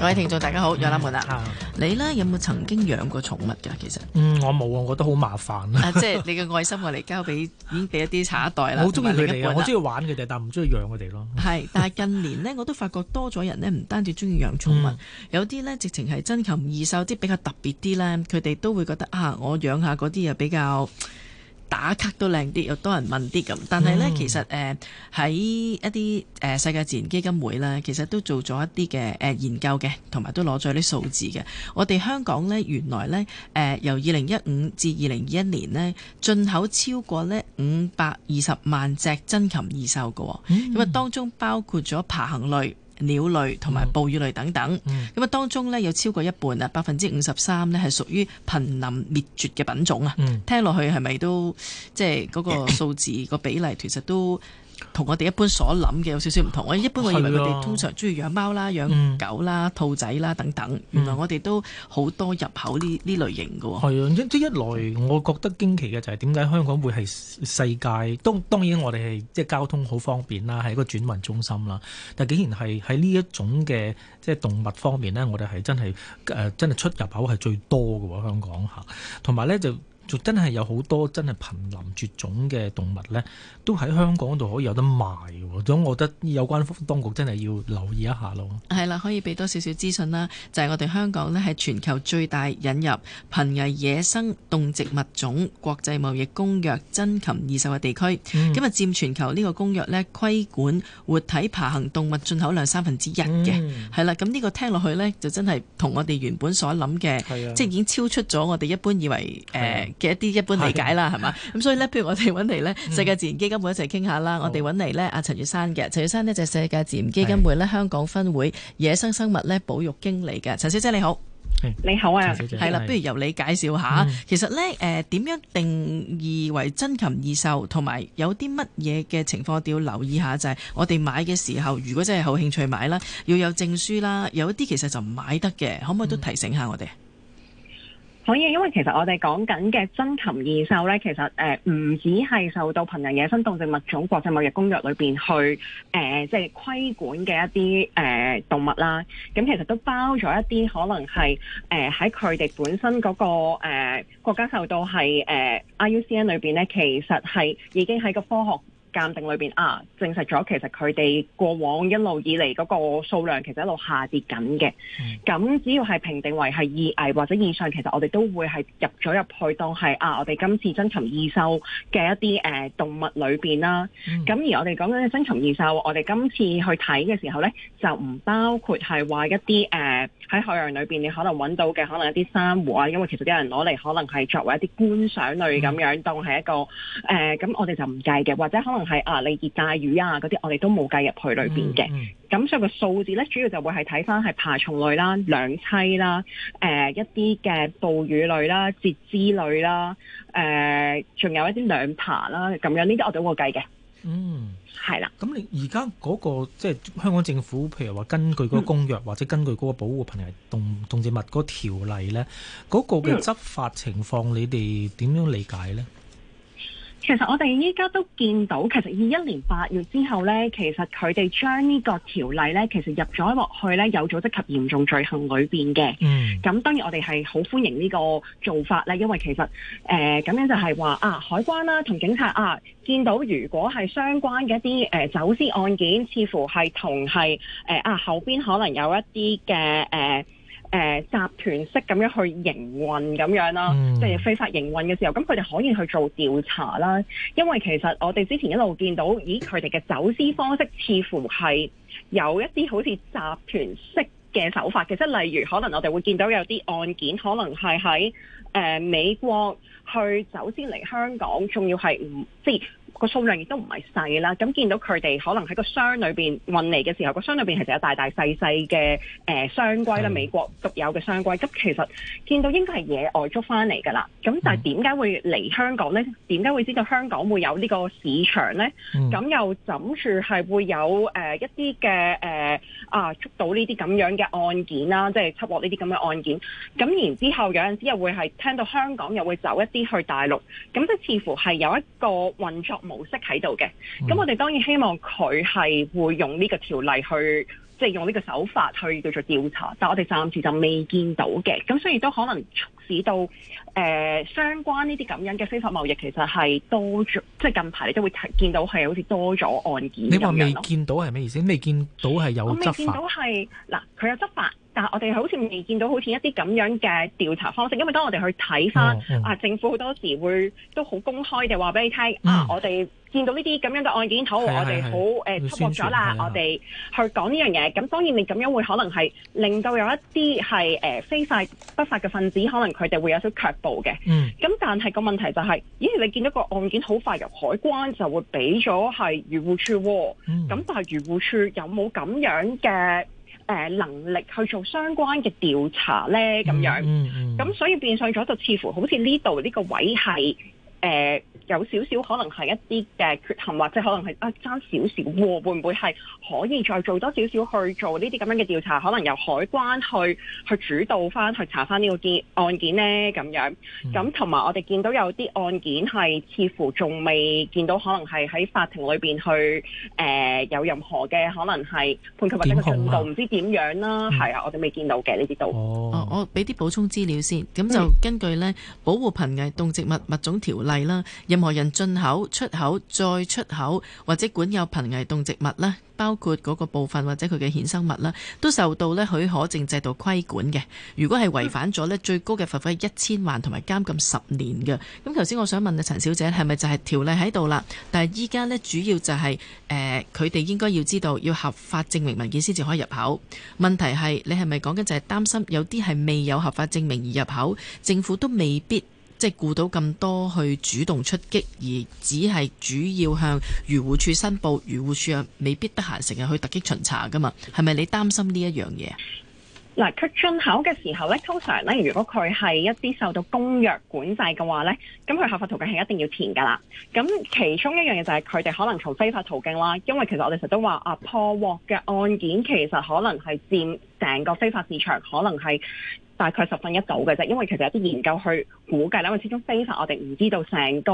各位聽眾，大家好，楊立門啦，吓，你咧有冇曾經養過寵物㗎？其實，嗯，我冇啊，我覺得好麻煩。 啊，即係你嘅愛心，我嚟交俾已經俾一啲下一代啦。我中意佢哋，我中意玩佢哋，但唔中意養佢哋咯。係， 但係近年咧，我都發覺多咗人咧，唔單止中意養寵物，嗯、有啲咧直情係珍禽異獸，即比較特別啲咧，佢哋都會覺得啊，我養下嗰啲又比較，打卡都靚啲，又多人問啲咁。但係呢，mm. 其實誒喺、呃、一啲誒、呃、世界自然基金會呢，其實都做咗一啲嘅誒研究嘅，同埋都攞咗啲數字嘅。Mm. 我哋香港呢，原來呢，誒、呃、由二零一五至二零二一年呢，進口超過呢五百二十萬隻珍禽異獸嘅，咁、mm. 因為當中包括咗爬行類，鳥類同埋哺乳類等等，咁啊、mm. mm. 當中呢，有超過一半啊，百分之五十三呢係屬於瀕臨滅絕嘅品種啊，mm. 聽落去係咪都即係嗰個數字個比例其實都。同我哋一般所諗嘅有少少唔同，我一般會以為佢哋通常中意養貓啦、養狗啦、兔仔子啦、嗯、等等，原來我哋都好多入口呢呢、嗯、類型嘅喎。係啊，即一,一來我覺得驚奇嘅就係點解香港會係世界？當當然我哋係即交通好方便啦，係一個轉運中心啦。但竟然係喺呢一種嘅即動物方面呢，我哋係真係誒、呃、真係出入口係最多嘅喎，香港嚇。同埋呢就。就真係有好多真係瀕臨絕種嘅動物呢都喺香港度可以有得賣，咁我覺得有關當局真係要留意一下咯。係啦，可以俾多少少資訊啦，就係、係、我哋香港呢，係全球最大引入瀕危野生動植物種國際貿易公約珍禽異獸嘅地區，咁啊、嗯、佔全球呢個公約呢，規管活體爬行動物進口量三分之一嘅，係啦、嗯，咁呢個聽落去呢，就真係同我哋原本所諗嘅，的即係已經超出咗我哋一般以為誒。呃嘅一啲一般理解啦，係嘛哈？咁吧所以咧，譬如我哋揾嚟咧，嗯、世界自然基金會一齊傾下啦。好我哋揾嚟咧，阿陳月山嘅。陳悅珊呢就係、是、世界自然基金會咧是香港分會野生生物咧保育經理嘅。陳小姐你好，你好啊，係啦。不如由你介紹下，嗯、其實咧誒點樣定義為珍禽異獸，同埋有啲乜嘢嘅情況要留意下，就係、是、我哋買嘅時候，如果真係好興趣買啦，要有證書啦。有啲其實就唔買得嘅，可唔可以都提醒下我哋？嗯可以，因為其實我哋講緊嘅珍禽異獸咧，其實誒唔止係受到《瀕危野生動植物種國際貿易公約裏面》裏邊去誒，即係規管嘅一啲誒、呃、動物啦。咁、嗯、其實都包咗一啲可能係誒喺佢哋本身嗰、那個誒、呃、國家受到係誒、呃、IUCN 裏邊咧，其實係已經喺個科學。鑑定裏邊啊，證實咗其實佢哋過往一路以嚟嗰、那個數量其實一路下跌緊嘅。咁、mm. 只要係評定為係易危或者以上，其實我哋都會係入咗入去當係啊，我哋今次珍禽異獸嘅一啲誒、呃、動物裏邊啦。咁、啊、而我哋講緊嘅珍禽異獸，我哋今次去睇嘅時候咧，就唔包括係話一啲誒喺海洋裏邊你可能揾到嘅可能一啲珊瑚啊，因為其實啲人攞嚟可能係作為一啲觀賞類咁樣當係一個誒，咁、呃嗯嗯嗯、我哋就唔計嘅，或者可能。係啊，你熱帶魚啊嗰啲，我哋都冇計入去裏邊嘅。咁、嗯嗯、所以個數字咧，主要就會係睇翻係爬蟲類啦、兩棲啦、誒、呃、一啲嘅哺乳類啦、節肢類啦、誒、呃、仲有一啲兩爬啦，咁樣呢啲我都冇計嘅。嗯，係啦。咁你而家嗰個即係香港政府，譬如話根據嗰個公約、嗯、或者根據嗰個保護瀕危動動植物嗰、那個條例咧，嗰個嘅執法情況，你哋點樣理解咧？嗯其實我哋依家都見到，其實二一年八月之後呢，其實佢哋將呢個條例呢，其實入咗落去呢，有組織及嚴重罪行裏邊嘅。嗯，咁當然我哋係好歡迎呢個做法呢，因為其實誒咁、呃、樣就係話啊，海關啦、啊、同警察啊，見到如果係相關嘅一啲誒、呃、走私案件，似乎係同係誒啊後邊可能有一啲嘅誒。呃誒、呃、集團式咁樣去營運咁樣啦，嗯、即係非法營運嘅時候，咁佢哋可以去做調查啦。因為其實我哋之前一路見到，咦佢哋嘅走私方式似乎係有一啲好似集團式嘅手法嘅，即係例如可能我哋會見到有啲案件可能係喺誒美國去走私嚟香港，仲要係唔即個數量亦都唔係細啦，咁見到佢哋可能喺個箱裏邊運嚟嘅時候，個箱裏邊其實有大大細細嘅誒箱龜啦，美國獨有嘅箱龜。咁、嗯、其實見到應該係野外捉翻嚟㗎啦。咁但係點解會嚟香港呢？點解會知道香港會有呢個市場呢？咁、嗯、又枕住係會有誒、呃、一啲嘅誒啊捉到呢啲咁樣嘅案件啦，即係緝獲呢啲咁嘅案件。咁然之後有陣時又會係聽到香港又會走一啲去大陸，咁即似乎係有一個運作。模式喺度嘅，咁、嗯、我哋當然希望佢係會用呢個條例去，即係用呢個手法去叫做調查，但我哋暫時就未見到嘅，咁所以都可能促使到誒、呃、相關呢啲咁樣嘅非法貿易，其實係多咗，即係近排你都會睇見到係好似多咗案件。你話未見到係咩意思？未見到係有執法，我未見到係嗱，佢有執法。但我哋好似未見到好似一啲咁樣嘅調查方式，因為當我哋去睇翻、哦嗯、啊，政府好多時會都好公開地話俾你聽、嗯、啊，我哋見到呢啲咁樣嘅案件，好、嗯、我哋好誒出破咗啦，我哋去講呢樣嘢。咁、嗯、當然你咁樣會可能係令到有一啲係誒非法不法嘅分子，可能佢哋會有少卻步嘅。咁、嗯、但係個問題就係、是、咦？你見到個案件好快由海關就會俾咗係漁護處，咁、嗯嗯、但係漁護處有冇咁樣嘅？誒、呃、能力去做相關嘅調查咧，咁樣，咁、嗯嗯嗯、所以變相咗就似乎好似呢度呢個位係誒。呃有少少可能係一啲嘅缺陷，或者可能係啊爭少少，會唔會，係可以再做多少少去做呢啲咁樣嘅調查？可能由海關去去主導翻去查翻呢個案件咧咁樣。咁同埋我哋見到有啲案件係似乎仲未見到可、呃，可能係喺法庭裏邊去誒有任何嘅可能係判決或者進度，唔、啊、知點樣啦。係、嗯、啊，我哋未見到嘅呢啲都。哦，哦，我俾啲補充資料先。咁就根據咧《保護瀕危動植物物種條例》啦，入任何人進口、出口、再出口，或者管有瀕危動植物啦，包括嗰個部分或者佢嘅衍生物啦，都受到咧許可證制度規管嘅。如果係違反咗咧，最高嘅罰款係一千萬同埋監禁十年嘅。咁頭先我想問啊，陳小姐係咪就係條例喺度啦？但係依家咧主要就係、是、誒，佢、呃、哋應該要知道要合法證明文件先至可以入口。問題係你係咪講緊就係擔心有啲係未有合法證明而入口，政府都未必？即係顧到咁多去主動出擊，而只係主要向漁護處申報，漁護處啊未必得閒成日去突擊巡查㗎嘛，係咪你擔心呢一樣嘢？嗱佢進口嘅時候咧，通常咧，如果佢係一啲受到公約管制嘅話咧，咁佢合法途徑係一定要填㗎啦。咁其中一樣嘢就係佢哋可能從非法途徑啦，因為其實我哋成日都話啊破獲嘅案件其實可能係佔成個非法市場可能係大概十分一到嘅啫，因為其實有啲研究去估計啦，因為始終非法我哋唔知道成個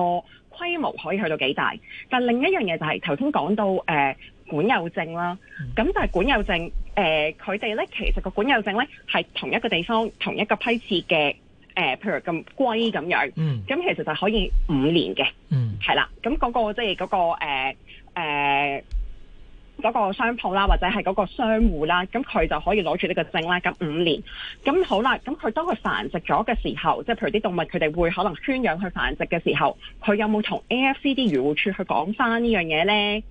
規模可以去到幾大。但另一樣嘢就係頭先講到誒、呃、管有證啦，咁但係管有證。誒佢哋咧，其實個管有證咧係同一個地方、同一個批次嘅誒，譬如咁龜咁樣，咁、嗯、其實就可以五年嘅，係啦、嗯，咁嗰、嗰個即係嗰個誒、呃呃嗰個商鋪啦，或者係嗰個商戶啦，咁佢就可以攞住呢個證啦。咁五年。咁好啦，咁佢當佢繁殖咗嘅時候，即係譬如啲動物，佢哋會可能圈養去繁殖嘅時候，佢有冇同 AFCD 漁護署去講翻呢樣嘢呢？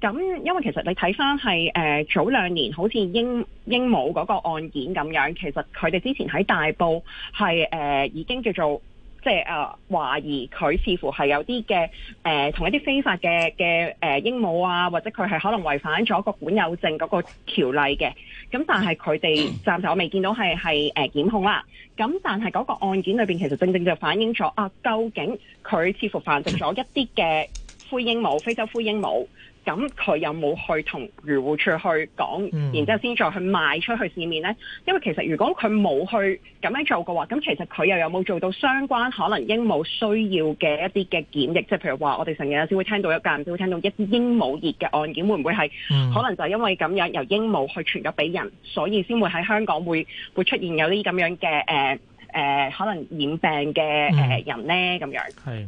咁因為其實你睇翻係誒早兩年好似鸚鸚鵡嗰個案件咁樣，其實佢哋之前喺大埔係誒、呃、已經叫做。即係啊、呃，懷疑佢似乎係有啲嘅誒，同、呃、一啲非法嘅嘅誒鸚鵡啊，或者佢係可能違反咗個管有證嗰個條例嘅。咁但係佢哋暫時我未見到係係誒檢控啦。咁但係嗰個案件裏邊其實正正就反映咗啊，究竟佢似乎繁殖咗一啲嘅灰鸚鵡、非洲灰鸚鵡。咁佢有冇去同漁護處去講，然之後先再去賣出去市面呢？因為其實如果佢冇去咁樣做嘅話，咁其實佢又有冇做到相關可能鸚鵡需要嘅一啲嘅檢疫？即係譬如話，我哋成日先會聽到一間，先會聽到一啲鸚鵡熱嘅案件，會唔會係、嗯、可能就係因為咁樣由鸚鵡去傳咗俾人，所以先會喺香港會會出現有啲咁樣嘅誒？Uh, 誒、呃、可能染病嘅誒、呃嗯、人呢，咁樣係。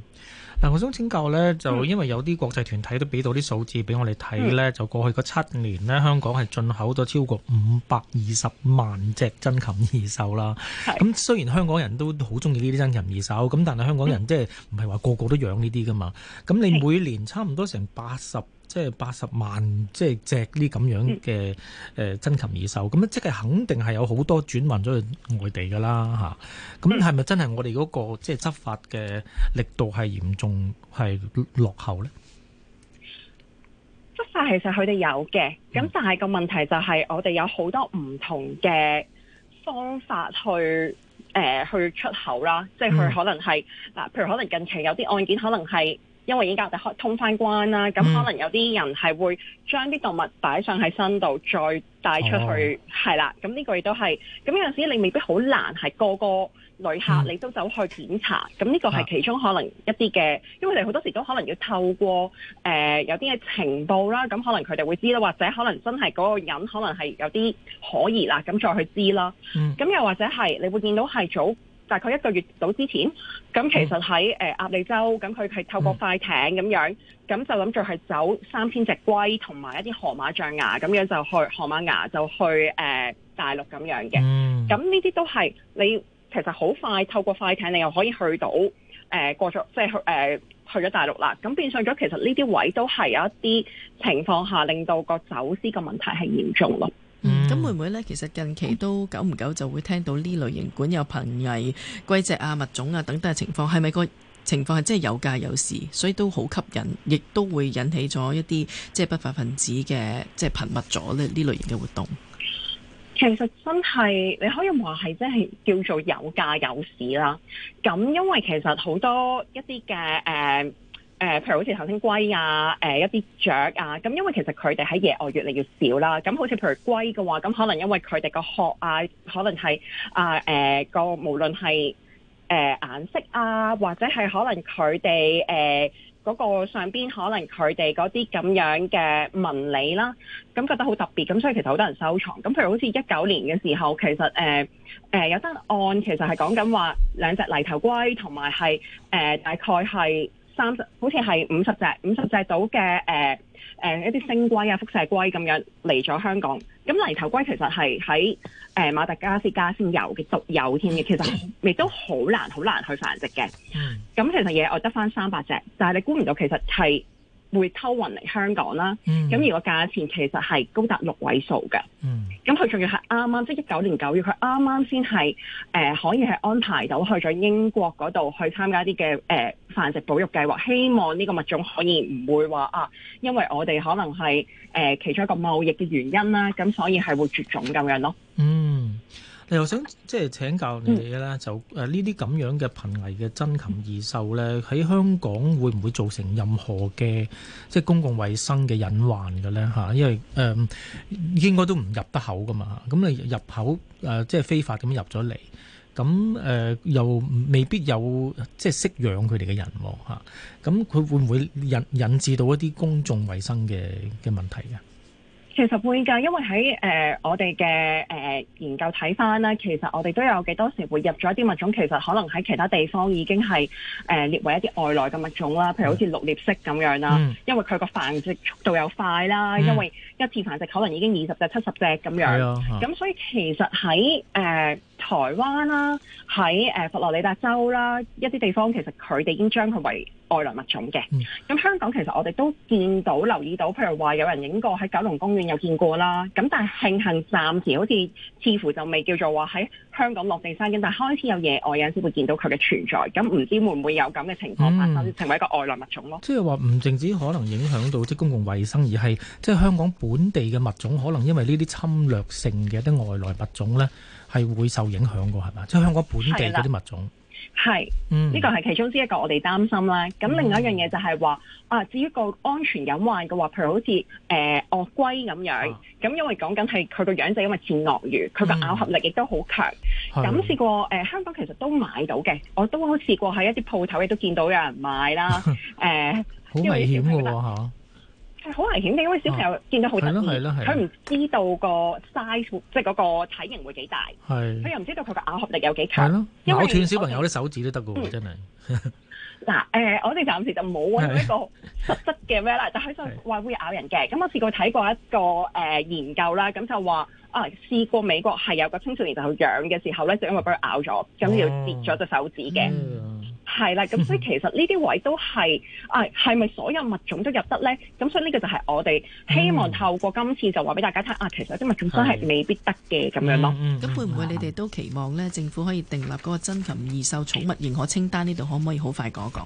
嗱、呃，我想請教呢，就因為有啲國際團體都俾到啲數字俾我哋睇呢。嗯、就過去嗰七年呢，香港係進口咗超過五百二十萬隻珍禽異獸啦。咁是，雖然香港人都好中意呢啲珍禽異獸，咁但係香港人即係唔係話個個都養呢啲噶嘛？咁你每年差唔多成八十。即係八十萬隻，嗯、即係隻呢咁樣嘅誒珍禽異獸，咁樣即係肯定係有好多轉運咗去外地噶啦嚇。咁係咪真係我哋嗰個即係執法嘅力度係嚴重係落後呢？執法其實佢哋有嘅，咁、嗯、但係個問題就係我哋有好多唔同嘅方法去誒、呃、去出口啦，即係佢可能係嗱，嗯、譬如可能近期有啲案件可能係。因為而家我哋開通翻關啦，咁可能有啲人係會將啲動物擺上喺身度，再帶出去，係啦、哦。咁呢個亦都係，咁有陣時你未必好難，係個個旅客你都走去檢查。咁呢、嗯、個係其中可能一啲嘅，啊、因為你好多時都可能要透過誒、呃、有啲嘅情報啦，咁可能佢哋會知啦，或者可能真係嗰個人可能係有啲可疑啦，咁再去知啦。咁、嗯、又或者係，你會見到係早。大概一個月到之前，咁其實喺誒鴨脷洲，咁佢係透過快艇咁樣，咁、嗯、就諗住係走三千隻龜同埋一啲河馬象牙咁樣就去河馬牙就去誒、呃、大陸咁樣嘅。咁呢啲都係你其實好快透過快艇，你又可以去到誒、呃、過咗，即係去誒、呃、去咗大陸啦。咁變相咗，其實呢啲位都係有一啲情況下，令到個走私個問題係嚴重咯。咁、嗯、妹妹會咧？其實近期都久唔久就會聽到呢類型管有瀕危龜隻啊、物種啊等等嘅情況，係咪個情況係真係有價有市，所以都好吸引，亦都會引起咗一啲即係不法分子嘅即係頻密咗咧呢類型嘅活動。其實真係你可以話係真係叫做有價有市啦。咁因為其實好多一啲嘅誒。呃誒，譬、呃、如好似頭先龜啊，誒、呃、一啲雀啊，咁、嗯、因為其實佢哋喺野外越嚟越少啦。咁、嗯、好似譬如龜嘅話，咁、嗯、可能因為佢哋個殼啊，可能係啊誒、呃、個無論係誒顏色啊，或者係可能佢哋誒嗰個上邊可能佢哋嗰啲咁樣嘅紋理啦，咁、嗯、覺得好特別，咁、嗯、所以其實好多人收藏。咁、嗯、譬如好似一九年嘅時候，其實誒誒、呃呃呃、有單案其實係講緊話兩隻泥頭龜同埋係誒大概係。呃三十，好似係五十隻，五十隻到嘅，誒誒一啲星龜啊，輻射龜咁樣嚟咗香港。咁犁頭龜其實係喺誒馬達加斯加先有嘅獨有添嘅，其實亦都好難好難去繁殖嘅。咁其實野外得返三百隻，但係你估唔到其實係，會偷運嚟香港啦，咁如果價錢其實係高達六位數嘅。咁佢仲要係啱啱，即係一九年九月，佢啱啱先係誒可以係安排到去咗英國嗰度去參加啲嘅誒繁殖保育計劃，希望呢個物種可以唔會話啊，因為我哋可能係誒、呃、其中一個貿易嘅原因啦，咁、啊、所以係會絕種咁樣咯。嗯。我又想即係請教你嘅咧，嗯、就誒呢啲咁樣嘅瀕危嘅珍禽異獸咧，喺香港會唔會造成任何嘅即係公共衞生嘅隱患嘅咧？嚇，因為誒、呃、應該都唔入得口噶嘛，咁、嗯、你入口誒、呃、即係非法咁入咗嚟，咁、嗯、誒、呃、又未必有即係識養佢哋嘅人喎，嚇、啊，咁、嗯、佢會唔會引引致到一啲公眾衞生嘅嘅問題嘅？其實會㗎，因為喺誒、呃、我哋嘅誒研究睇翻啦，其實我哋都有幾多時會入咗一啲物種，其實可能喺其他地方已經係誒列為一啲外來嘅物種啦，譬如好似綠鬣蜥咁樣啦，嗯、因為佢個繁殖速度又快啦，嗯、因為一次繁殖可能已經二十隻、七十隻咁樣，咁、啊嗯、所以其實喺誒、呃、台灣啦，喺誒、呃、佛羅里達州啦一啲地方，其實佢哋已經將佢為外來物種嘅，咁香港其實我哋都見到、留意到，譬如話有人影過喺九龍公園，有見過啦。咁但係慶幸暫時好似似乎就未叫做話喺香港落地生根，但係開始有野外有人先會見到佢嘅存在。咁唔知會唔會有咁嘅情況發生，嗯、成為一個外來物種咯？即係話唔淨止可能影響到即公共衛生，而係即係香港本地嘅物種，可能因為呢啲侵略性嘅一啲外來物種呢，係會受影響噶，係咪？即係香港本地嗰啲物種。係，呢個係其中之一個我哋擔心啦。咁另外一樣嘢就係話，嗯、啊，至於個安全隱患嘅話，譬如好似誒鱷龜咁樣，咁、啊、因為講緊係佢個樣仔，因為似鱷魚，佢個咬合力亦都好強。咁試、嗯、過誒、呃，香港其實都買到嘅，我都試過喺一啲鋪頭亦都見到有人買啦。誒、 呃，好危險係好危險嘅，因為小朋友見到好得意，佢唔、哦、知道個 size 即係嗰個體型會幾大，佢的又唔知道佢個咬合力有幾強，咬斷小朋友啲手指都得噶，嗯、真係的。嗱， 誒、呃，我哋暫時就冇一個實質嘅咩啦，的但係就話會咬人嘅。咁的我試過睇過一個誒、呃、研究啦，咁就話啊試過美國係有個青少年就去養嘅時候咧，就因為俾佢咬咗，咁、嗯嗯、要截咗隻手指嘅。嗯。係啦，咁所以其實呢啲位都係啊，係咪所有物種都入得呢？咁所以呢個就係我哋希望透過今次就話俾大家聽啊，其實啲物種真係未必得嘅咁樣咯。咁、嗯嗯嗯嗯、會唔會你哋都期望咧，啊、政府可以訂立嗰個珍禽異獸寵物認可清單呢？度可唔可以好快講一講？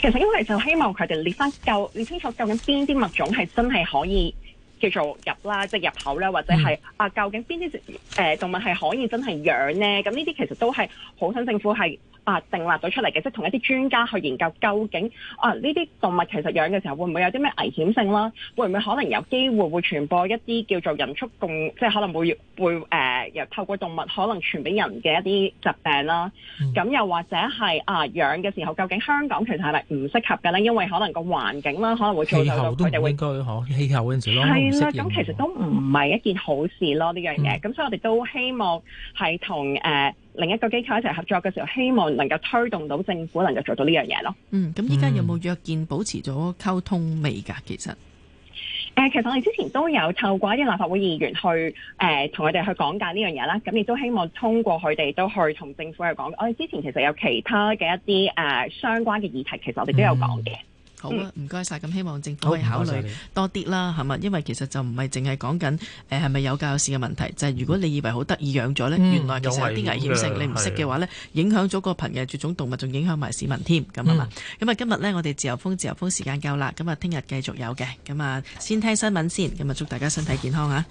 其實因為就希望佢哋列翻究、你清楚究竟邊啲物種係真係可以叫做入啦，即、就、係、是、入口咧，或者係啊，嗯、究竟邊啲誒動物係可以真係養呢？咁呢啲其實都係好想政府係。啊，定立咗出嚟嘅，即係同一啲專家去研究，究竟啊呢啲動物其實養嘅時候會唔會有啲咩危險性啦？會唔會可能有機會會傳播一啲叫做人畜共，即係可能會會誒，由、呃、透過動物可能傳俾人嘅一啲疾病啦。咁、嗯、又或者係啊養嘅時候，究竟香港其實係咪唔適合嘅咧？因為可能個環境啦，可能會最後到佢哋會，氣候嗰陣時咯，係啦，咁其實都唔係一件好事咯呢、嗯、樣嘢。咁、嗯、所以我哋都希望係同誒。呃另一個機構一齊合作嘅時候，希望能夠推動到政府能夠做到呢樣嘢咯。嗯，咁依家有冇約見保持咗溝通未㗎？其實、嗯，誒，其實我哋之前都有透過一啲立法會議員去誒同佢哋去講解呢樣嘢啦。咁亦都希望通過佢哋都去同政府去講解。我哋之前其實有其他嘅一啲誒、呃、相關嘅議題，其實我哋都有講嘅。嗯好啊，唔該晒。咁希望政府可以考慮多啲啦，係咪？因為其實就唔係淨係講緊誒係咪有教有視嘅問題，就係、是、如果你以為好得意養咗呢，嗯、原來其實有啲危險性，嗯、你唔識嘅話呢，的影響咗個瀕嘅絕種動物，仲影響埋市民添，咁啊咁啊，嗯、今日呢，我哋自由風自由風時間夠啦，咁啊聽日繼續有嘅，咁啊先聽新聞先，咁啊祝大家身體健康嚇、啊。